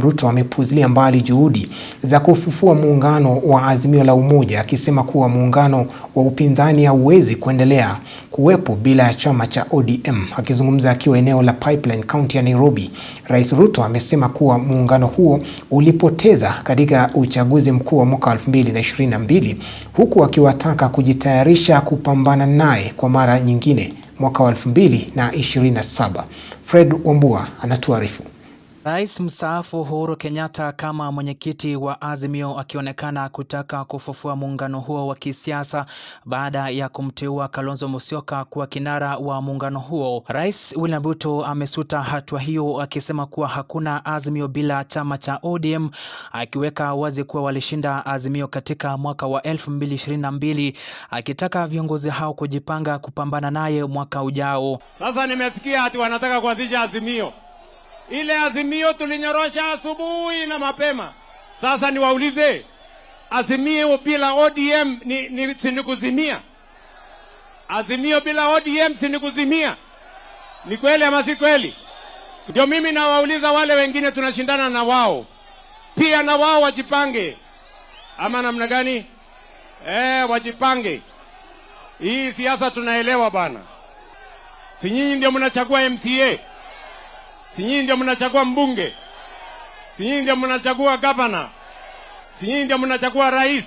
Ruto amepuzilia mbali juhudi za kufufua muungano wa Azimio la Umoja akisema kuwa muungano wa upinzani hauwezi kuendelea kuwepo bila ya chama cha ODM. Akizungumza akiwa eneo la Pipeline, kaunti ya Nairobi, Rais Ruto amesema kuwa muungano huo ulipoteza katika uchaguzi mkuu wa mwaka 2022 huku akiwataka kujitayarisha kupambana naye kwa mara nyingine mwaka wa 2027. Fred Wambua anatuarifu. Rais mstaafu Uhuru Kenyatta kama mwenyekiti wa Azimio akionekana kutaka kufufua muungano huo wa kisiasa baada ya kumteua Kalonzo Musyoka kuwa kinara wa muungano huo. Rais William Ruto amesuta hatua hiyo akisema kuwa hakuna Azimio bila chama cha ODM, akiweka wazi kuwa walishinda Azimio katika mwaka wa 2022 akitaka viongozi hao kujipanga kupambana naye mwaka ujao. Sasa nimesikia ati wanataka kuanzisha Azimio ile azimio tulinyorosha asubuhi na mapema. Sasa niwaulize, azimio bila ODM ni, ni sinikuzimia? Azimio bila ODM sinikuzimia? Ni kweli ama si kweli? Ndio mimi nawauliza wale wengine tunashindana na wao pia, na wao wajipange ama namna gani? Eh, wajipange. Hii siasa tunaelewa bana, si nyinyi ndio mnachagua MCA? Si nyinyi ndio mnachagua mbunge? Si nyinyi ndio mnachagua gavana? Si nyinyi ndio mnachagua rais?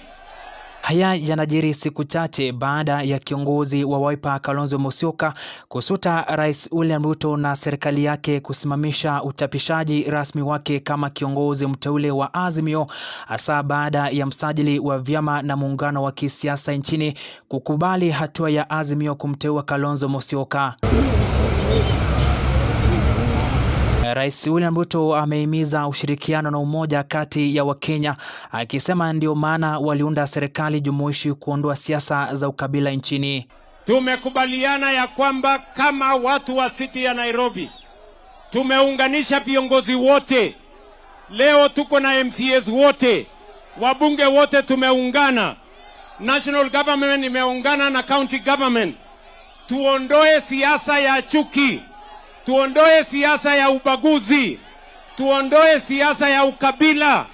Haya yanajiri siku chache baada ya kiongozi wa Wiper Kalonzo Musyoka kusuta Rais William Ruto na serikali yake kusimamisha uchapishaji rasmi wake kama kiongozi mteule wa Azimio, hasa baada ya msajili wa vyama na muungano wa kisiasa nchini kukubali hatua ya Azimio kumteua Kalonzo Musyoka. Rais William Ruto amehimiza ushirikiano na umoja kati ya Wakenya akisema ndio maana waliunda serikali jumuishi kuondoa siasa za ukabila nchini. Tumekubaliana ya kwamba kama watu wa siti ya Nairobi tumeunganisha viongozi wote, leo tuko na MCAs wote, wabunge wote tumeungana, national government imeungana na county government, tuondoe siasa ya chuki. Tuondoe siasa ya ubaguzi, tuondoe siasa ya ukabila.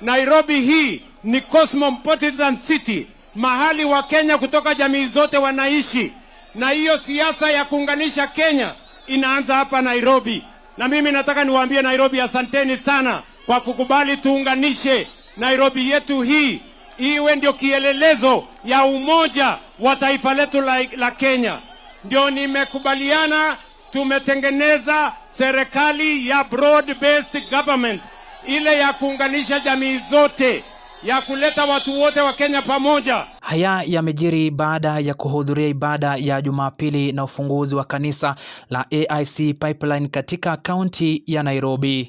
Nairobi hii ni cosmopolitan city, mahali wa Kenya kutoka jamii zote wanaishi, na hiyo siasa ya kuunganisha Kenya inaanza hapa Nairobi. Na mimi nataka niwaambie Nairobi, asanteni sana kwa kukubali tuunganishe Nairobi yetu hii iwe ndio kielelezo ya umoja wa taifa letu la, la Kenya. Ndio nimekubaliana tumetengeneza serikali ya broad based government, ile ya kuunganisha jamii zote ya kuleta watu wote wa Kenya pamoja. Haya yamejiri baada ya kuhudhuria ibada ya Jumapili na ufunguzi wa kanisa la AIC Pipeline katika kaunti ya Nairobi.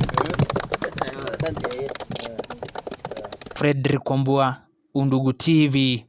Fredrick Kwambua, Undugu TV.